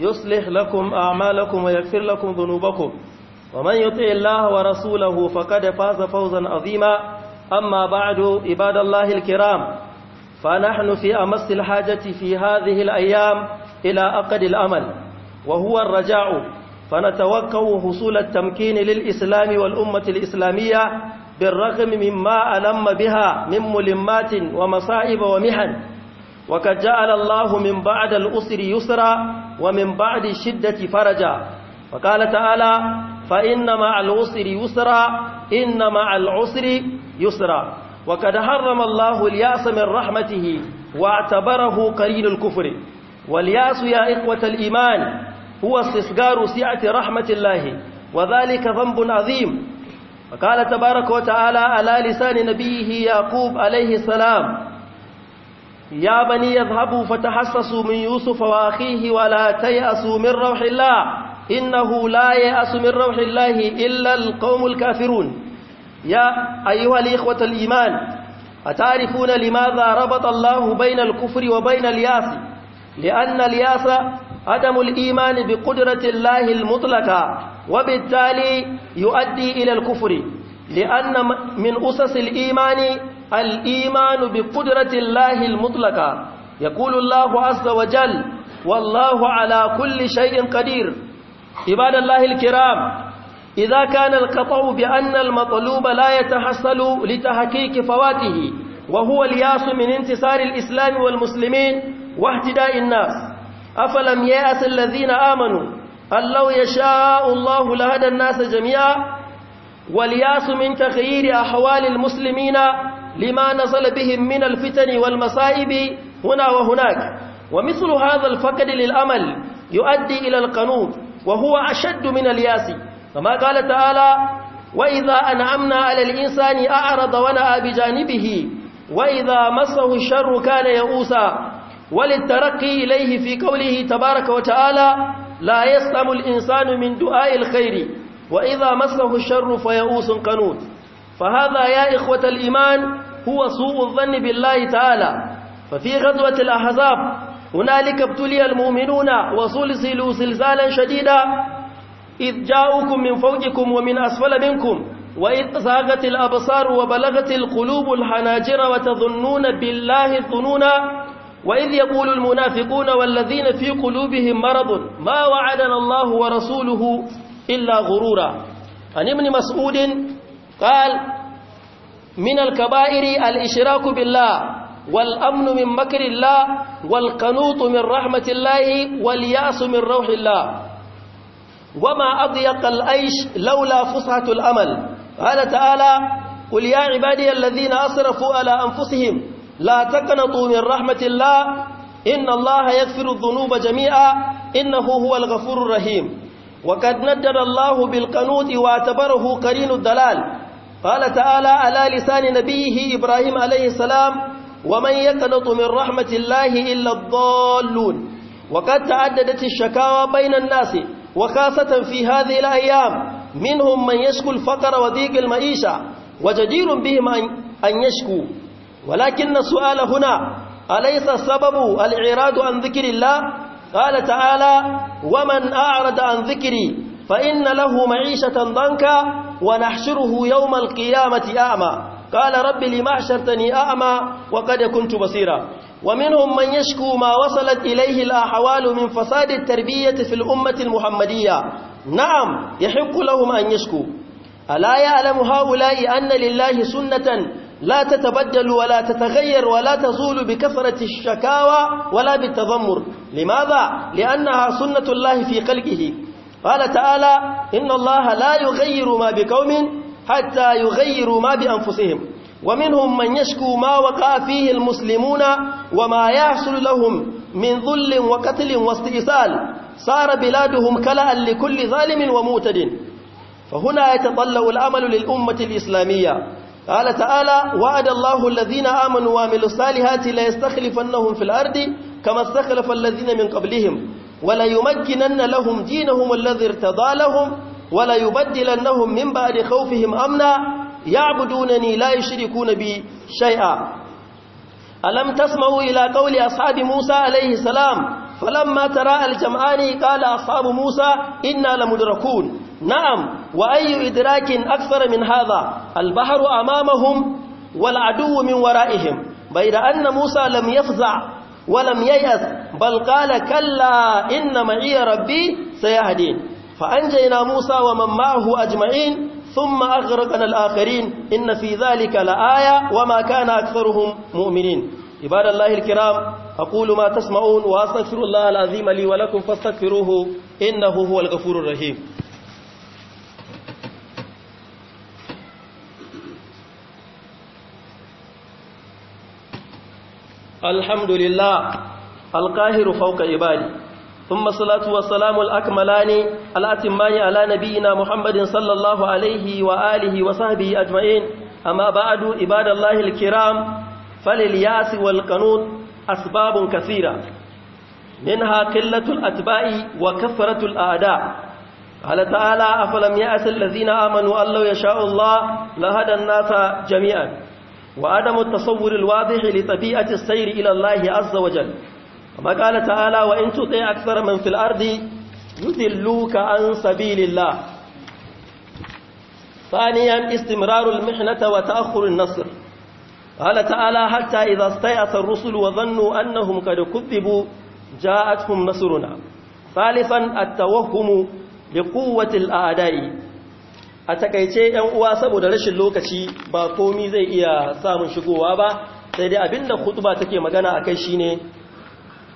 يصلح لكم أعمالكم ويغفر لكم ذنوبكم ومن يطع الله ورسوله فقد فاز فوزا عظيما أما بعد عباد الله الكرام فنحن في أمس الحاجة في هذه الأيام إلى أقد الأمل وهو الرجاع فنتوقع حصول التمكين للإسلام والأمة الإسلامية بالرغم مما ألم بها من ملمات ومصائب ومحن وقد جعل الله من بعد الأسر يسرا ومن بعد الشدة فرجا وقال تعالى فإن مع العسر يسرا إن مع العسر يسرا وقد حرم الله الياس من رحمته واعتبره قرين الكفر والياس يا إخوة الإيمان هو استصغار سعة رحمة الله وذلك ذنب عظيم وقال تبارك وتعالى على لسان نبيه يعقوب عليه السلام يا بني اذهبوا فتحسسوا من يوسف واخيه ولا تيأسوا من روح الله إنه لا يياس من روح الله إلا القوم الكافرون يا أيها الإخوة الإيمان أتعرفون لماذا ربط الله بين الكفر وبين الياس لأن الياس عدم الإيمان بقدرة الله المطلقة وبالتالي يؤدي إلى الكفر لأن من أسس الإيمان الإيمان بقدرة الله المطلقة يقول الله عز وجل والله على كل شيء قدير عباد الله الكرام إذا كان القطع بأن المطلوب لا يتحصل لتحقيق فواته وهو الياس من انتصار الإسلام والمسلمين واهتداء الناس أفلم يأس الذين آمنوا أن لو يشاء الله لهدى الناس جميعا والياس من تغيير أحوال المسلمين لما نزل بهم من الفتن والمصائب هنا وهناك ومثل هذا الفقد للأمل يؤدي إلى القنوط وهو أشد من الياس كما قال تعالى وإذا أنعمنا على الإنسان أعرض ونأى بجانبه وإذا مسه الشر كان يئوسا وللترقي إليه في قوله تبارك وتعالى لا يسلم الإنسان من دعاء الخير وإذا مسه الشر فيئوس قنوط فهذا يا إخوة الإيمان هو سوء الظن بالله تعالى ففي غزوة الأحزاب هنالك ابتلي المؤمنون وصلصلوا زلزالا شديدا إذ جاءوكم من فوقكم ومن أسفل منكم وإذ زاغت الأبصار وبلغت القلوب الحناجر وتظنون بالله الظنونا وإذ يقول المنافقون والذين في قلوبهم مرض ما وعدنا الله ورسوله إلا غرورا عن ابن مسعود قال من الكبائر الإشراك بالله والأمن من مكر الله والقنوط من رحمة الله واليأس من روح الله وما أضيق الأيش لولا فسحة الأمل قال تعالى قل يا عبادي الذين أسرفوا على أنفسهم لا تقنطوا من رحمة الله إن الله يغفر الذنوب جميعا إنه هو الغفور الرحيم وقد ندر الله بالقنوط واعتبره قرين الدلال قال تعالى على لسان نبيه إبراهيم عليه السلام ومن يقنط من رحمة الله إلا الضالون وقد تعددت الشكاوى بين الناس وخاصة في هذه الأيام منهم من يشكو الفقر وضيق المعيشة وجدير بهم أن يشكو ولكن السؤال هنا أليس السبب الإعراض عن ذكر الله قال تعالى ومن أعرض عن ذكري فإن له معيشة ضنكا ونحشره يوم القيامة أعمى قال رب لما حشرتني أعمى وقد كنت بصيرا ومنهم من يشكو ما وصلت إليه الأحوال من فساد التربية في الأمة المحمدية نعم يحق لهم أن يشكوا ألا يعلم هؤلاء أن لله سنة لا تتبدل ولا تتغير ولا تزول بكثرة الشكاوى ولا بالتذمر لماذا؟ لأنها سنة الله في خلقه قال تعالى إن الله لا يغير ما بقوم حتى يغيروا ما بأنفسهم ومنهم من يشكو ما وقع فيه المسلمون وما يحصل لهم من ذل وقتل واستئصال صار بلادهم كلا لكل ظالم ومعتد فهنا يتطلع الأمل للأمة الإسلامية قال تعالى وعد الله الذين آمنوا وعملوا الصالحات ليستخلفنهم في الأرض كما استخلف الذين من قبلهم ولا يمكنن لهم دينهم الذي ارتضى لهم ولا يبدلنهم من بعد خوفهم امنا يعبدونني لا يشركون بي شيئا ألم تسمعوا إلى قول أصحاب موسى عليه السلام فلما ترى الجمعان قال أصحاب موسى إنا لمدركون نعم وأي إدراك أكثر من هذا البحر أمامهم والعدو من ورائهم بيد أن موسى لم يفزع ولم ييأس بل قال كلا إن معي ربي سيهدين فأنجينا موسى ومن معه أجمعين ثم أغرقنا الآخرين إن في ذلك لآية وما كان أكثرهم مؤمنين عباد الله الكرام أقول ما تسمعون وأستغفر الله العظيم لي ولكم فاستغفروه إنه هو الغفور الرحيم الحمد لله القاهر فوق عبادي ثم الصلاة والسلام الأكملان الأتمان على نبينا محمد صلى الله عليه وآله وصحبه أجمعين أما بعد عباد الله الكرام فللياس والقنوط أسباب كثيرة منها قلة الأتباع وكثرة الأعداء قال تعالى أفلم يأس الذين آمنوا أن لو يشاء الله لهدى الناس جميعا وعدم التصور الواضح لطبيعة السير إلى الله عز وجل كما قال تعالى وإن تطع أكثر من في الأرض يذلوك عن سبيل الله ثانيا استمرار المحنة وتأخر النصر قال تعالى حتى إذا استيأس الرسل وظنوا أنهم قد كذبوا جاءتهم نصرنا ثالثا التوهم لقوة الأعداء a takaice yan uwa saboda rashin lokaci ba komi zai iya samun shigowa ba sai dai abin da abinda khutba take magana akai shine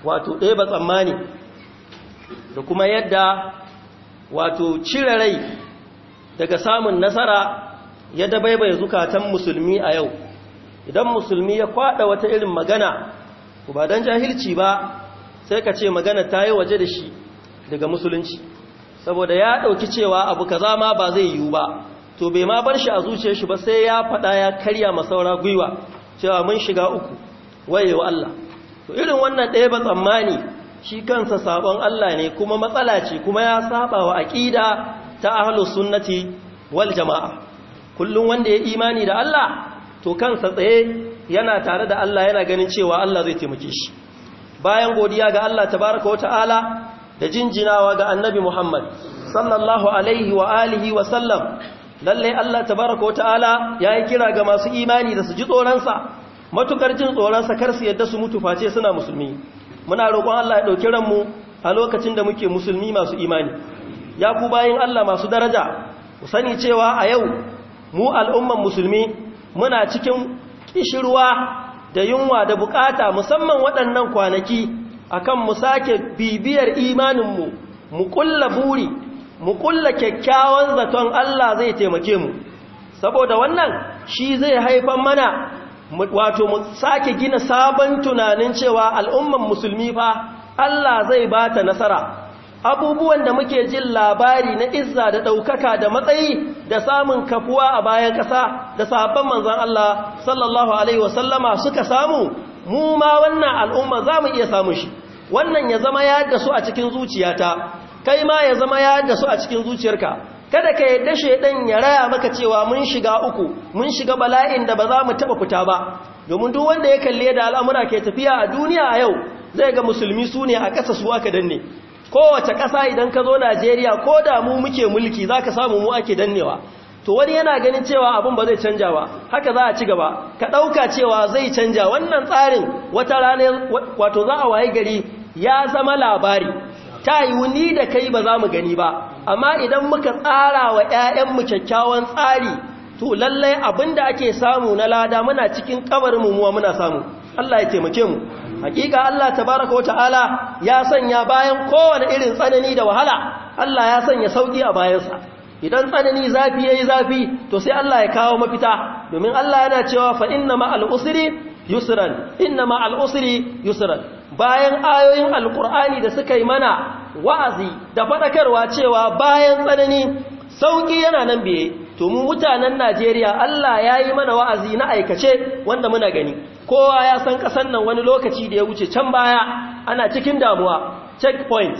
wato ɗaya ba tsammani da kuma yadda wato cire rai daga samun nasara ya dabaibaye zukatan musulmi a yau idan musulmi ya kwada wata irin magana ba don jahilci ba sai ka ce magana ta yi waje da shi daga musulunci saboda ya ɗauki cewa abu kaza ma ba zai yiwu ba to bai ma bar shi a zuciyar shi ba sai ya faɗa ya karya masaura gwiwa cewa mun shiga uku wayewa Allah to irin wannan ɗaya ba tsammani shi kansa sabon Allah ne kuma matsala ce kuma ya saba wa aqida ta ahlus sunnati wal jamaa kullun wanda ya imani da Allah to kansa tsaye yana tare da Allah yana ganin cewa Allah zai taimake shi bayan godiya ga Allah tabaraka wa ta'ala da jinjinawa ga annabi Muhammad sallallahu alaihi wa alihi wa sallam lalle Allah tabaraka wataala yayi kira ga masu imani da su ji tsoronsa matukar jin tsoronsa kar su yadda su mutu face suna musulmi muna roƙon Allah ya dauki ranmu a lokacin da muke musulmi masu imani ya ku bayin Allah masu daraja ku sani cewa a yau mu al'umman musulmi muna cikin kishirwa da yunwa da bukata musamman waɗannan kwanaki akan mu sake bibiyar imaninmu mu kulla buri mu kulla kyakkyawan zaton Allah zai taimake mu saboda wannan shi zai haifan mana wato mu sake gina sabon tunanin cewa al'umman musulmi fa Allah zai ba ta nasara abubuwan da muke jin labari na izza da ɗaukaka da matsayi da samun kafuwa a bayan ƙasa da sabon manzon Allah sallallahu Alaihi wasallama suka samu mu ma wannan al'umma za mu iya samun shi wannan ya zama ya da su a cikin zuciyata kai ma ya zama ya da su a cikin zuciyarka kada ka yadda dan ya raya maka cewa mun shiga uku mun shiga bala'in da ba za mu taba fita ba domin duk wanda ya kalle da al'amura ke tafiya a duniya a yau zai ga musulmi su ne a ƙasa su aka danne kowace ƙasa idan ka zo Najeriya ko da mu muke mulki zaka samu mu ake dannewa to wani yana ganin cewa abin ba zai canja ba haka za a ci gaba ka ɗauka cewa zai canja wannan tsarin wata rana wato za a waye gari ya zama labari ta yi wuni da kai ba za mu gani ba amma idan muka tsara wa 'ya'yanmu kyakkyawan tsari to lallai abinda ake samu na lada muna cikin kabarin mu muna samu Allah ya taimake mu hakika Allah tabaraka wata'ala ya sanya bayan kowane irin tsanani da wahala Allah ya sanya sauki a bayansa idan tsanani zafi yayi zafi to sai Allah ya kawo mafita domin Allah yana cewa fa inna al usri yusran inna al usri yusran bayan ayoyin alkur'ani da suka yi mana wa'azi da faɗakarwa cewa bayan tsanani sauƙi yana nan biye to mutanen Najeriya Allah ya yi mana wa'azi na aikace wanda muna gani kowa ya san ƙasan nan wani lokaci da ya wuce can baya ana cikin damuwa checkpoint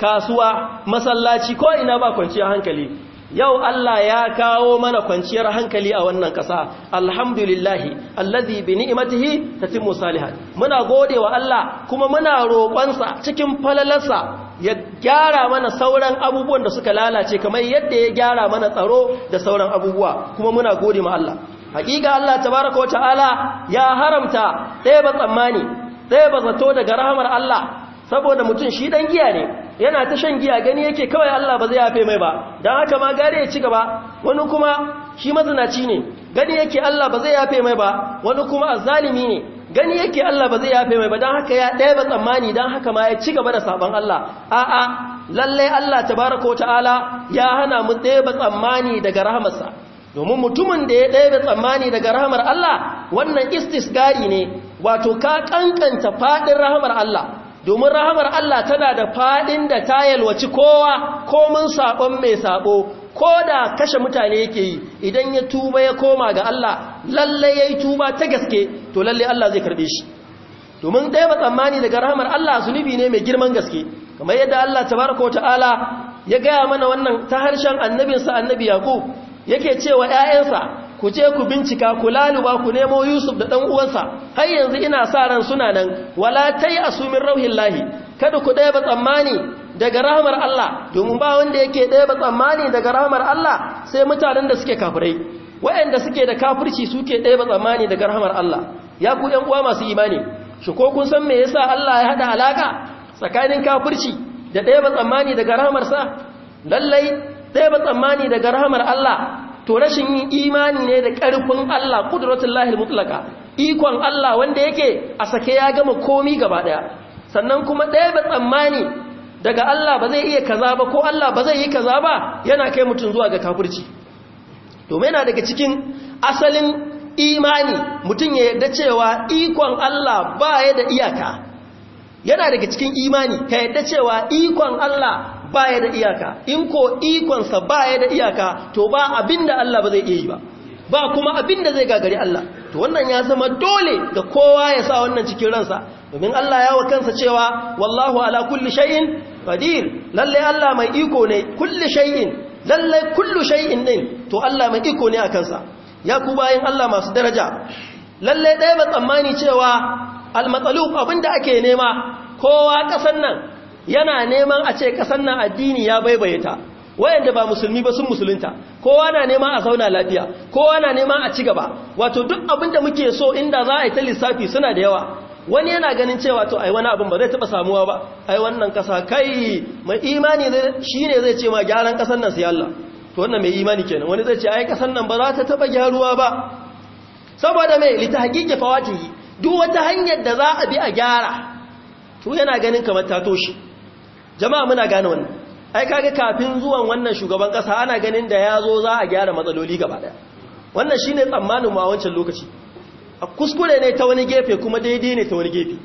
kasuwa masallaci ko ina ba kwanciyar hankali yau Allah ya kawo mana kwanciyar hankali a wannan ƙasa alhamdulillahi allazi bi ni'matihi tatimmu salihat muna godewa Allah kuma muna roƙonsa cikin falalarsa ya gyara mana sauran abubuwan da suka lalace kamar yadda ya gyara mana tsaro da sauran abubuwa kuma muna gode ma Allah hakika Allah tabaaraka ta'ala ya haramta ɗaya ba tsammani ɗaya ba zato daga rahamar Allah saboda mutum shi dan giya ne yana ta shan giya gani yake kawai Allah ba zai yafe mai ba dan haka ma gare ya ci gaba wani kuma shi mazinaci ne gani yake Allah ba zai yafe mai ba wani kuma azzalimi ne gani yake Allah ba zai yafe mai ba dan haka ya dai ba tsammani dan haka ma ya ci gaba da saban Allah a'a lalle Allah tabaraka wa ta'ala ya hana mu dai ba tsammani daga rahmarsa domin mutumin da ya dai ba tsammani daga rahmar Allah wannan istisgari ne wato ka kankanta fadin rahmar Allah domin rahamar Allah tana da fadin da ta yalwaci kowa komin sabon mai sabo ko da kashe mutane yake yi idan ya tuba ya koma ga Allah lalle yi tuba ta gaske to lalle Allah zai karbe shi domin ɗaya ba tsammani daga rahamar Allah zunubi ne mai girman gaske kamar yadda Allah tabaraka ta'ala ya gaya mana wannan ta harshen annabinsa annabi yaqub yake cewa 'ya'yansa ku je ku bincika ku laluba ku nemo yusuf da ɗan uwansa har yanzu ina sa ran suna nan wala tai asumin rauhin lahi kada ku ɗaya ba tsammani daga rahmar Allah domin ba wanda yake ɗaya ba tsammani daga rahmar Allah sai mutanen da suke kafirai waɗanda suke da kafirci suke ɗaya ba tsammani daga rahmar Allah ya ku ɗan uwa masu imani shi ko kun san me yasa Allah ya haɗa alaka tsakanin kafirci da ɗaya ba tsammani daga rahamarsa? lallai ɗaya ba tsammani daga rahmar Allah to rashin yin imani ne da ƙarfin Allah ƙudratun lahil mutlaka ikon Allah wanda yake a sake ya gama komi gaba ɗaya sannan kuma ɗaya ba tsammani daga Allah ba zai iya kaza ba ko Allah ba zai yi kaza ba yana kai mutum zuwa ga kafirci domin yana daga cikin asalin imani mutum ya yarda cewa ikon Allah ba ya da iyaka yana daga cikin imani ka yarda cewa ikon Allah baya da iyaka in ko ikonsa baya da iyaka to ba abinda Allah ba zai iya yi ba ba kuma abinda zai gagari Allah to wannan ya zama dole ga kowa ya sa wannan cikin ransa domin Allah ya wa kansa cewa wallahu ala kulli shay'in qadir lalle Allah mai iko ne kulli shay'in lalle kullu shay'in din to Allah mai iko ne a kansa ya ku bayin Allah masu daraja lalle ɗaya ba tsammani cewa almatsalub abinda ake nema kowa kasan nan yana neman a ce kasan nan addini ya baibaye ta wayanda ba musulmi ba sun musulunta kowa na neman a sauna lafiya kowa na neman a ci gaba wato duk abin da muke so inda za a yi ta lissafi suna da yawa wani yana ganin cewa to ai wani abin ba zai taba samuwa ba ai wannan kasa kai mai imani shine zai ce ma gyaran kasan nan sai Allah to wannan mai imani kenan wani zai ce ai kasan nan ba za ta taba gyaruwa ba saboda mai tahqiqi fawatihi duk wata hanyar da za a bi a gyara to yana ganin kamar ta toshi jama'a muna gane wannan ai kaga kafin zuwan wannan shugaban kasa ana ganin da ya zo za a gyara matsaloli gaba daya wannan shine tsammanin a wancan lokaci a kuskure ne ta wani gefe kuma daidai ne ta wani gefe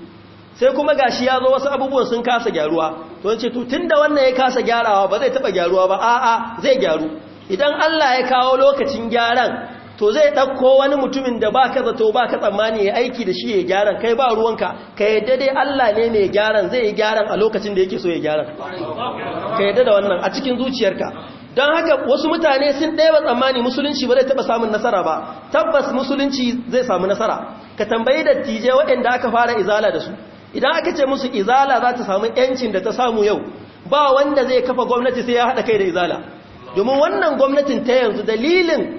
sai kuma gashi ya zo wasu abubuwan sun kasa gyaruwa to ce to tunda wannan ya kasa gyarawa ba zai taba gyaruwa ba a'a zai gyaru idan Allah ya kawo lokacin gyaran to zai ɗauko wani mutumin da ba ka zato ba ka tsammani ya aiki da shi ya gyaran kai ba ruwanka ka yadda dai Allah ne mai gyaran zai yi gyaran a lokacin da yake so ya gyaran ka yadda da wannan a cikin zuciyarka don haka wasu mutane sun ɗaya tsammani musulunci ba zai taɓa samun nasara ba tabbas musulunci zai samu nasara ka tambayi dattijai waɗanda aka fara izala da su idan aka ce musu izala za ta samu yancin da ta samu yau ba wanda zai kafa gwamnati sai ya haɗa kai da izala domin wannan gwamnatin ta yanzu dalilin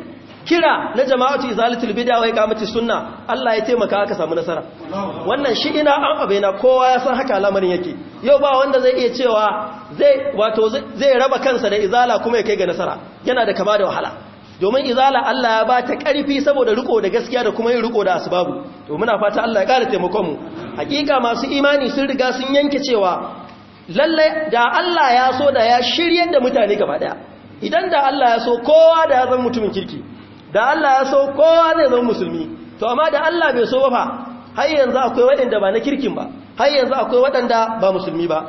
kira na jama'atu izalatul bid'a wa iqamati sunna Allah ya taimaka aka samu nasara wannan shi ina an abaina kowa ya san haka lamarin yake yau ba wanda zai iya cewa zai wato zai raba kansa da izala kuma ya kai ga nasara yana da kama da wahala domin izala Allah ya ba ta karfi saboda riko da gaskiya da kuma yin riko da asbabu to muna fata Allah ya ƙara taimakon mu hakika masu imani sun riga sun yanke cewa lalle da Allah ya so da ya shiryar da mutane gaba daya idan da Allah ya so kowa da ya zama mutumin kirki da Allah ya so kowa zai zama musulmi to amma da Allah bai so ba fa har yanzu akwai waɗanda ba na kirkin ba har yanzu akwai waɗanda ba musulmi ba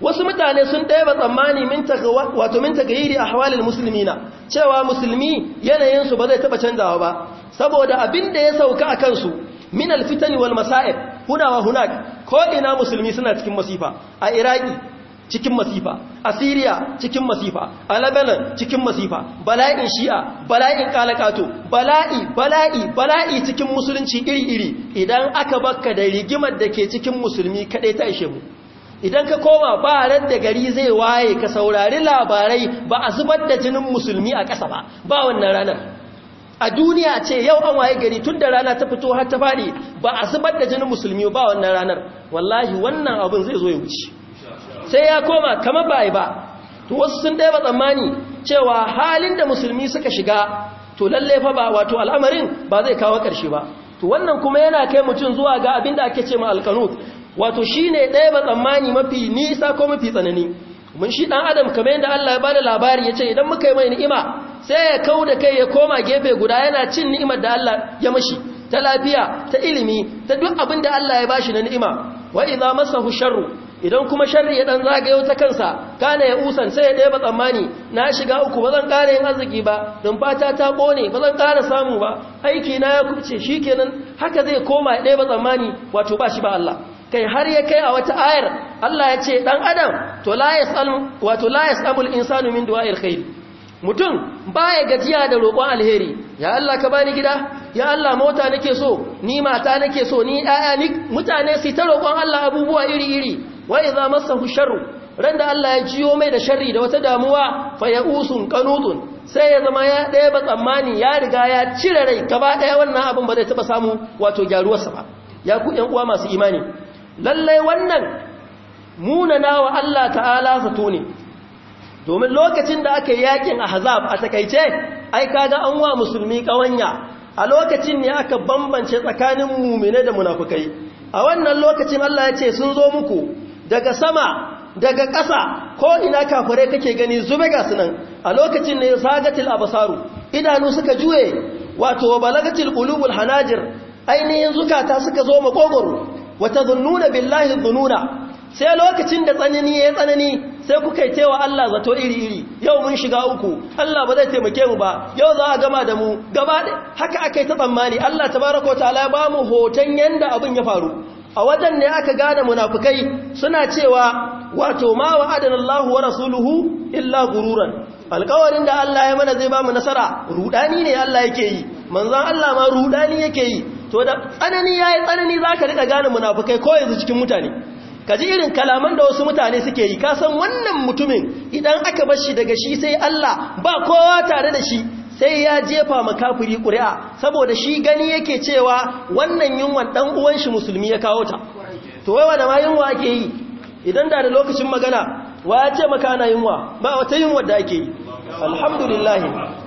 wasu mutane sun ɗaya ba tsammani wato min a hawalin musulmi na cewa musulmi yanayinsu ba zai taɓa canzawa ba saboda abin da ya sauka a kansu min alfitani wal masa'ib huna hunak ko ina musulmi suna cikin masifa a iraki cikin masifa a Syria cikin masifa a Lebanon cikin masifa bala'in Shi'a bala'in kalakato bala'i bala'i bala'i cikin musulunci iri-iri idan aka baka da rigimar da ke cikin musulmi kadai ta ishe mu idan ka koma ba ran da gari zai waye ka saurari labarai ba a zubar da jinin musulmi a ƙasa ba ba wannan ranar a duniya ce yau an waye gari tun da rana ta fito har ta faɗi ba a zubar da jinin musulmi ba wannan ranar wallahi wannan abin zai zo ya wuce sai ya koma kamar ba ba to wasu sun ɗaya tsammani cewa halin da musulmi suka shiga to lalle fa ba wato al'amarin ba zai kawo ƙarshe ba to wannan kuma yana kai mutum zuwa ga abin da ake ce ma alkanu wato shi ɗaya ba tsammani mafi nisa ko mafi tsanani mun shi ɗan adam kamar yadda Allah ya da labari ce idan muka yi mai ni'ima sai ya da kai ya koma gefe guda yana cin ni'imar da Allah ya mashi. ta lafiya ta ilimi ta duk abin da Allah ya bashi na ni'ima wa idza masahu sharru idan kuma sharri ya dan zagayo ta kansa kana ya usan sai ya ɗeba tsammani na shiga uku ba zan ƙara yin arziki ba don fata ta kone ba zan ƙara samu ba aiki na ya kubce shi kenan haka zai koma ya ɗeba tsammani wato ba shi ba Allah kai har ya kai a wata ayar Allah ya ce ɗan adam to la yas'amul insanu min du'a'il khair mutum baya gajiya da roƙon alheri ya Allah ka bani gida ya Allah mota nake so ni mata nake so ni ƴaƴa ni mutane su ta roƙon Allah abubuwa iri iri wa idza massahu sharru ran Allah ya jiyo mai da sharri da wata damuwa fa ya'usun qanudun sai ya zama ya daya ba tsammani ya riga ya cire rai gaba daya wannan abin ba zai taba samu wato gyaruwarsa ba ya ku ɗan uwa masu imani lallai wannan munana wa Allah ta'ala zato ne domin lokacin da aka yi yakin ahzab a takaice ai kaga an wa musulmi kawanya a lokacin ne aka bambance tsakanin mumine da munafukai a wannan lokacin Allah ya ce sun zo muku daga sama daga ƙasa ko ina kafirai kake gani zube ga sunan a lokacin ne sagatil basaru, idanu suka juye wato balagatil qulubul hanajir ainihin zukata suka zo makogoro wata zununa billahi zununa sai lokacin da tsanani ya tsanani sai kuka kai cewa Allah zato iri-iri yau mun shiga uku Allah ba zai taimake mu ba yau za a gama da mu gaba haka aka ta tsammani Allah tabaraka wa ta'ala ba mu hoton yanda abin ya faru a wajen ne aka gane munafukai suna cewa wato ma wa'adana Allahu wa rasuluhu illa gururan alkawarin da Allah ya mana zai ba mu nasara rudani ne Allah yake yi manzon Allah ma rudani yake yi to da tsanani yayi tsanani zaka rika gane munafukai ko yanzu cikin mutane kaji irin kalaman da wasu mutane suke yi ka san wannan mutumin idan aka bar shi daga shi sai Allah ba kowa tare da shi sai ya jefa makafiri ƙuri'a saboda shi gani yake cewa wannan yunwan ɗan uwan shi musulmi ya kawo ta to wai da ma yunwa ake yi idan da da lokacin magana wa ya ce maka ana yunwa ba wata yunwa da ake yi alhamdulillah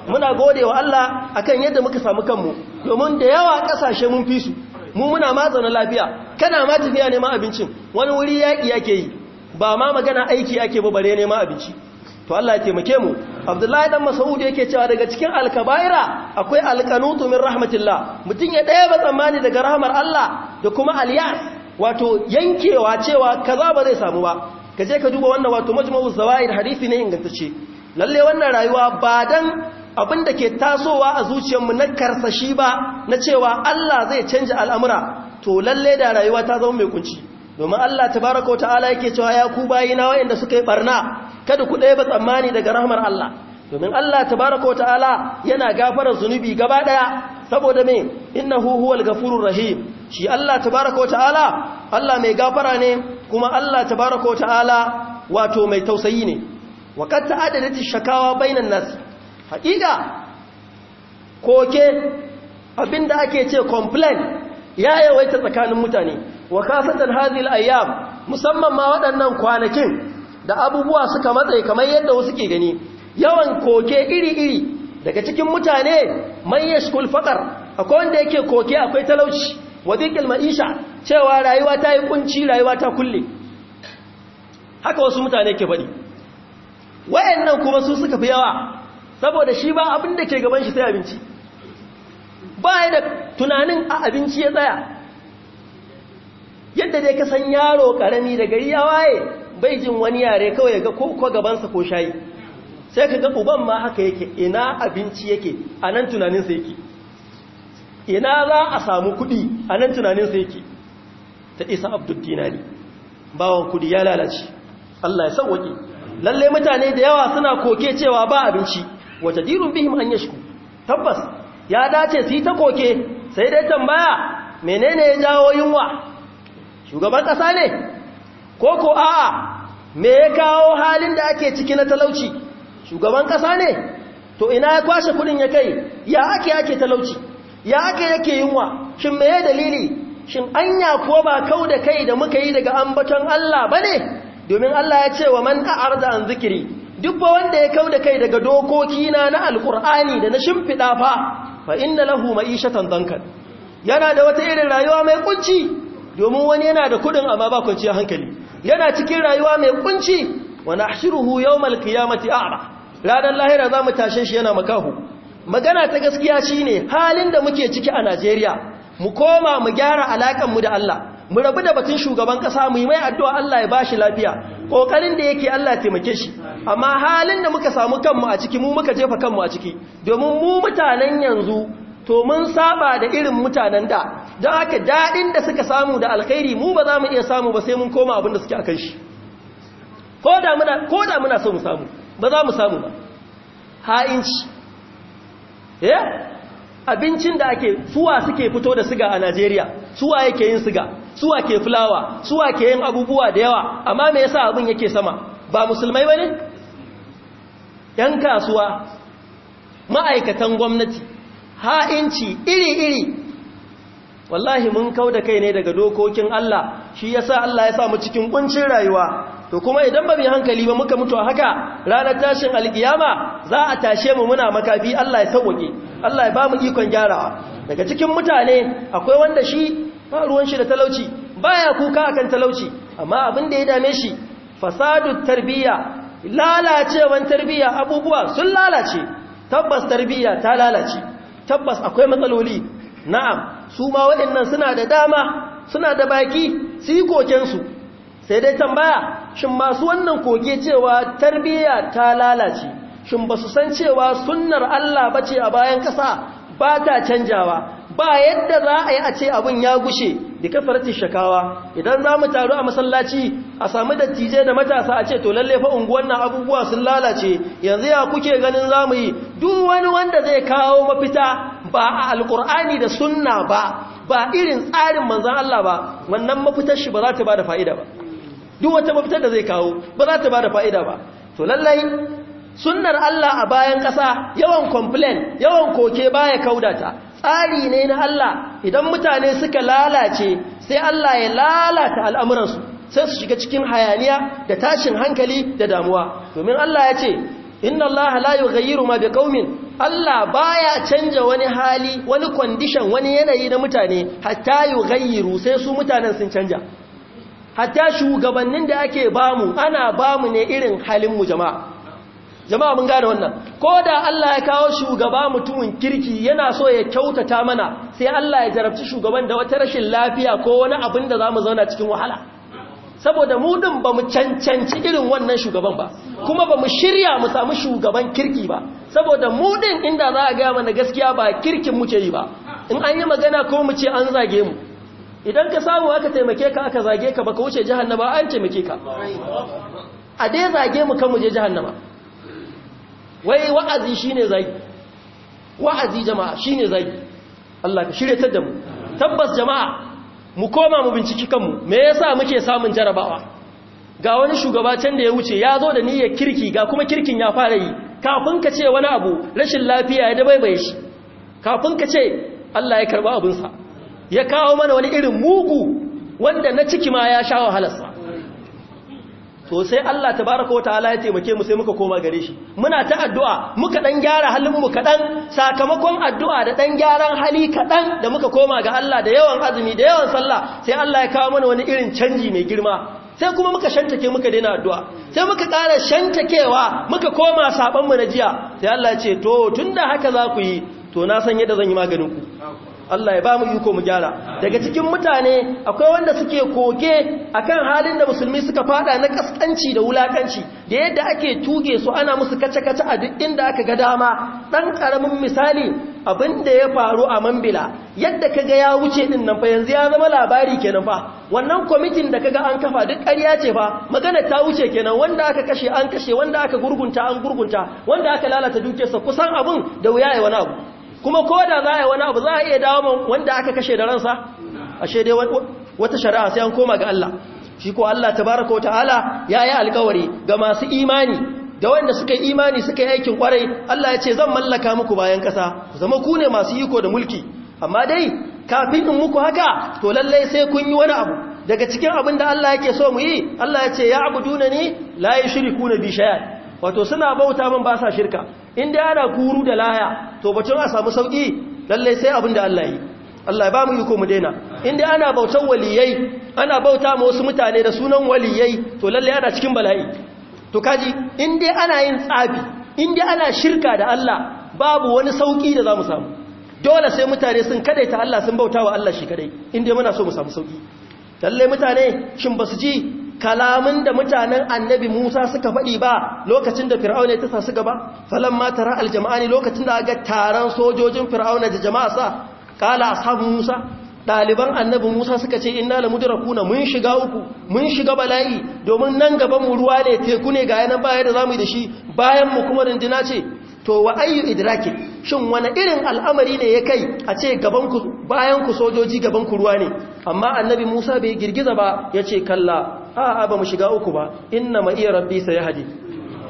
muna gode wa Allah akan yadda muka samu kanmu domin da yawa ƙasashe mun fi su mu muna ma na lafiya kana ma tafiya neman abincin wani wuri yaƙi yake yi ba ma magana aiki ake ba bare neman abinci to Allah ya taimake mu Abdullahi dan Mas'ud yake cewa daga cikin alkabaira akwai al-qanutu min rahmatillah mutun ya daya ba tsammani daga rahmar Allah da kuma aliyas wato yankewa cewa kaza ba zai samu ba kaje ka duba wannan wato majmu'u zawaid hadisi ne ingantacce lalle wannan rayuwa ba dan abin da ke tasowa a zuciyar mu na karsashi ba na cewa Allah zai canja al'amura to lalle da rayuwa ta zama mai kunci domin Allah baraka wa ta'ala yake cewa ya ku bayina wa'anda suka yi barna kada ku ɗaya ba tsammani daga rahmar Allah domin Allah baraka wa ta'ala yana gafara zunubi gaba ɗaya saboda me innahu huwal gafurur rahim shi Allah baraka wa ta'ala Allah mai gafara ne kuma Allah baraka wa ta'ala wato mai tausayi ne wa qad ta'adadat shakawa bainan nas haƙiƙa koke abinda ake ce complain ya yawaita tsakanin mutane wa kasatan hadhihi ayyam musamman ma waɗannan kwanakin da abubuwa suka matsayi kamar yadda wasu ke gani yawan koke iri-iri daga cikin mutane man yashkul faqar akwai wanda yake koke akwai talauci wadikil ma'isha cewa rayuwa ta yi kunci rayuwa ta kulle haka wasu mutane ke faɗi wayannan kuma su suka fi yawa saboda shi ba abin da ke gaban shi sai abinci ba da tunanin a abinci ya tsaya yadda dai ka san yaro karami da gari ya waye bai jin wani yare kawai ya ga koko gabansa ko shayi sai ka ga uban ma haka yake ina abinci yake a nan tunaninsa yake ina za a samu kuɗi a nan tunaninsa yake ta isa abdul ne. bawan kuɗi ya lalace Allah ya sauwaƙe lalle mutane da yawa suna koke cewa ba abinci wata dirun bihim an yashku tabbas ya dace su yi ta koke sai dai tambaya menene ya jawo yunwa shugaban ƙasa ne ko ko a'a me ya kawo halin da ake ciki na talauci shugaban ƙasa ne to ina ya kwashe kudin ya kai ya ake ake talauci ya ake yake yunwa shin me ya dalili shin anya kuwa ba kau da kai da muka yi daga ambaton Allah ba ne domin Allah ya ce wa man a'arda an zikiri duk ba wanda ya kau da kai daga dokoki na na alkur'ani da na shimfiɗa fa fa inna lahu ma'ishatan dankan yana da wata irin rayuwa mai kunci domin wani yana da kudin amma ba kwanciyar hankali yana cikin rayuwa mai kunci yau nahshuruhu yawmal qiyamati a'ma ranar lahira mu tashe shi yana makahu magana ta gaskiya shine halin da muke ciki a Najeriya mu koma mu gyara alaƙanmu da Allah mu rabu da batun shugaban ƙasa mu yi mai addu'a Allah ya bashi lafiya ƙoƙarin da yake Allah ya taimake shi amma halin da muka samu kanmu a ciki mu muka jefa kanmu a ciki domin mu mutanen yanzu to mun saba da irin mutanen da don haka daɗin da suka samu da alkhairi mu ba za mu iya samu ba sai mun koma abin da suke a kan shi ko da muna so mu samu ba za mu samu ba ha'inci ya eh? abincin da ake suwa suke fito da siga a najeriya suwa yake yin siga suwa ke fulawa suwa ke yin abubuwa da yawa amma me yasa abin yake sama ba musulmai ba ne yan kasuwa ma'aikatan gwamnati ha'inci iri-iri wallahi mun kau da kai ne daga dokokin Allah shi yasa Allah ya sa mu cikin kuncin rayuwa to kuma idan ba mu hankali ba muka mutu haka ranar tashin alkiyama za a tashe mu muna makafi Allah ya sauke Allah ya ba mu ikon gyarawa daga cikin mutane akwai wanda shi ba ruwan shi da talauci baya kuka akan talauci amma abin da ya dame shi fasadu tarbiyya lalacewan tarbiyya abubuwa sun lalace tabbas tarbiyya ta lalace tabbas akwai matsaloli na'am su ma waɗannan suna da dama suna da baki su yi kokensu sai dai tambaya shin masu wannan koke cewa tarbiyya ta lalace shin ba su san cewa sunnar Allah ba ce a bayan ƙasa ba ta canjawa ba yadda za a yi a ce abin ya gushe da kafarci shakawa idan za mu taru a masallaci a sami dattijai da matasa a ce to lalle fa unguwan nan abubuwa sun lalace yanzu ya kuke ganin za mu yi duk wani wanda zai kawo mafita ba a alkur'ani da sunna ba ba irin tsarin manzan Allah ba wannan mafitar shi ba za ta ba da fa'ida ba duk wata mafitar da zai kawo ba za ta ba da fa'ida ba to lallai sunnar Allah a bayan ƙasa yawan complain yawan koke baya kaudata tsari ne na Allah idan mutane suka lalace sai Allah ya lalata al'amuransu sai su shiga cikin hayaniya da tashin hankali da damuwa domin Allah ya ce inna Allah la gayiru ma kaumin Allah baya canja wani hali wani kwandishan wani yanayi na mutane hatta gayiru sai su mutanen sun canja hatta shugabannin da ake bamu ana bamu ne irin halin mu jama'a jama'a mun gane wannan ko da Allah ya kawo shugaba mutumin kirki yana so ya kyautata mana sai Allah ya jarabci shugaban da wata rashin lafiya ko wani abin da za mu zauna cikin wahala saboda mu din ba mu cancanci irin wannan shugaban ba kuma ba mu shirya mu samu shugaban kirki ba saboda mu inda za a gaya mana gaskiya ba kirkin muke yi ba in an yi magana ko mu ce an zage mu idan ka samu aka taimake ka aka zage ka baka wuce jahannama an taimake ka a dai zage mu kan mu je jahannama wai wa'azi shine zai wa'azi jama'a shine zai Allah ka shirye da mu tabbas jama'a mu koma mu binciki kanmu me yasa muke samun jarabawa ga wani shugaba can da ya wuce ya zo da niyyar kirki ga kuma kirkin ya fara yi kafin ka ce wani abu rashin lafiya ya dabaibaye shi kafin ka ce Allah ya karba abinsa ya kawo mana wani irin mugu wanda na ciki ma ya sha wahalarsa to sai Allah tabaraka wa ta'ala ya taimake mu sai muka koma gare shi muna ta addu'a muka dan gyara halin mu kadan sakamakon addu'a da dan gyaran hali kadan da muka koma ga Allah da yawan azumi da yawan sallah sai Allah ya kawo mana wani irin canji mai girma sai kuma muka shantake muka daina addu'a sai muka ƙara shantakewa muka koma saban mu na jiya sai Allah ya ce to tunda haka za ku yi to na san yadda zan yi maganin ku Allah ya ba mu iko mu gyara daga cikin mutane akwai wanda suke koke akan halin da musulmi suka fada na kaskanci da wulakanci da yadda ake tuge su ana musu kace-kace a duk inda aka ga dama dan karamin misali abin da ya faru a Mambila yadda kaga ya wuce din nan fa yanzu ya zama labari kenan fa wannan kwamitin da kaga an kafa duk ƙarya ce fa magana ta wuce kenan wanda aka kashe an kashe wanda aka gurgunta an gurgunta wanda aka lalata dukiyarsa kusan abun da wuya ya wani abu kuma ko da za a yi wani abu za a iya dawo wanda aka kashe da ransa ashe dai wata shari'a sai an koma ga Allah shi ko Allah tabaraka wa ta'ala ya yi alkawari ga masu imani da wanda suka yi imani suka yi aikin kwarai Allah ya ce zan mallaka muku bayan kasa zama ku ne masu iko da mulki amma dai kafin in muku haka to lallai sai kun yi wani abu daga cikin abin da Allah yake so mu yi Allah ya ce ya abuduna ni la yushriku na bi wato suna bauta min ba sa shirka inda ana kuru da laya to bacin a samu sauƙi lallai sai abin da Allah yi Allah ba mu iko mu daina inda ana bautan waliyai ana bauta ma wasu mutane da sunan waliyai to lallai ana cikin bala'i to kaji inda ana yin tsafi inda ana shirka da Allah babu wani sauƙi da za mu samu dole sai mutane sun kadaita Allah sun bauta wa Allah shi kadai inda muna so mu samu sauki. lallai mutane shin ba su ji kalamin da mutanen annabi Musa suka faɗi ba lokacin da Fir'auna ya tasa su gaba ma tara aljama'ani lokacin da aga taron sojojin Fir'auna da jama'a sa kala ashabu Musa daliban annabi Musa suka ce inna mudrakuna mun shiga uku mun shiga bala'i domin nan gaban mu ruwa ne teku ne ga yana baya da zamu yi da shi bayan mu kuma rindina ce to wa ayyu idrakin shin wani irin al'amari ne ya kai a ce gaban ku bayan ku sojoji gaban ku ruwa ne amma annabi Musa bai girgiza ba yace kalla a'a ba mu shiga uku ba inna ma iya rabbi hadi.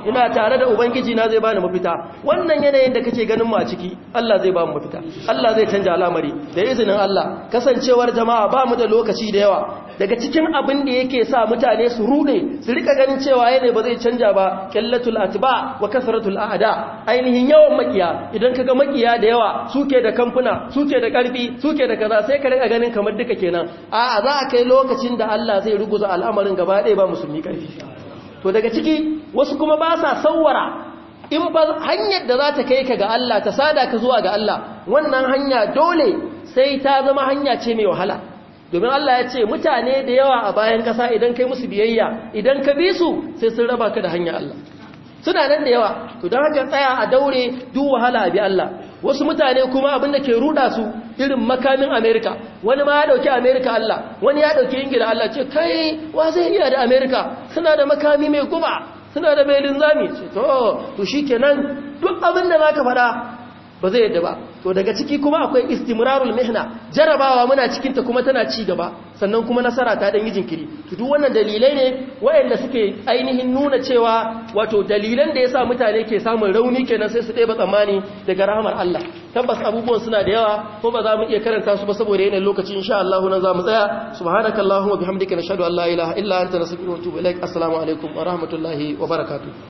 ina tare da ubangiji na zai bani mafita wannan yanayin da kake ganin mu a ciki Allah zai bamu mafita Allah zai canja al'amari da izinin Allah kasancewar jama'a ba mu da lokaci da yawa daga cikin abin da yake sa mutane su rude su rika ganin cewa yanayi ba zai canja ba kallatul atba wa kasratul aada ainihin yawan makiya idan kaga makiya da yawa suke da kamfuna suke da karfi suke da kaza sai ka rika ganin kamar duka kenan a'a za a kai lokacin da Allah zai ruguza al'amarin gaba ɗaya ba musulmi karfi to daga ciki wasu kuma ba sa sauwara in ba hanyar da za ta kai ka ga Allah ta sada ka zuwa ga Allah wannan hanya dole sai ta zama hanya ce mai wahala domin Allah ya ce mutane da yawa a bayan ƙasa idan kai musu biyayya idan ka bi su sai sun raba ka da hanyar Allah suna nan da yawa to don haka tsaya a daure duk wahala a bi Allah wasu mutane kuma abin da ke ruda su irin makamin amerika wani ma ya dauki amerika allah wani ya dauki ingila allah ce kai wa zai iya da amerika suna da makami mai guba suna da mai linzami ce to to shi kenan duk abin da za ka faɗa ba zai yadda ba to daga ciki kuma akwai istimrarul mihna jarabawa muna cikin ta kuma tana ci gaba sannan kuma nasara ta dan yi jinkiri to duk wannan dalilai ne waɗanda suke ainihin nuna cewa wato dalilan da yasa mutane ke samun rauni kenan sai su daiba tsammani daga rahamar Allah tabbas abubuwan suna da yawa ko ba za mu iya karanta su ba saboda yanayin lokaci insha Allah nan za mu tsaya subhanakallahumma bihamdika nashhadu an la ilaha illa anta nastaghfiruka wa natubu ilaik assalamu alaikum wa rahmatullahi wa barakatuh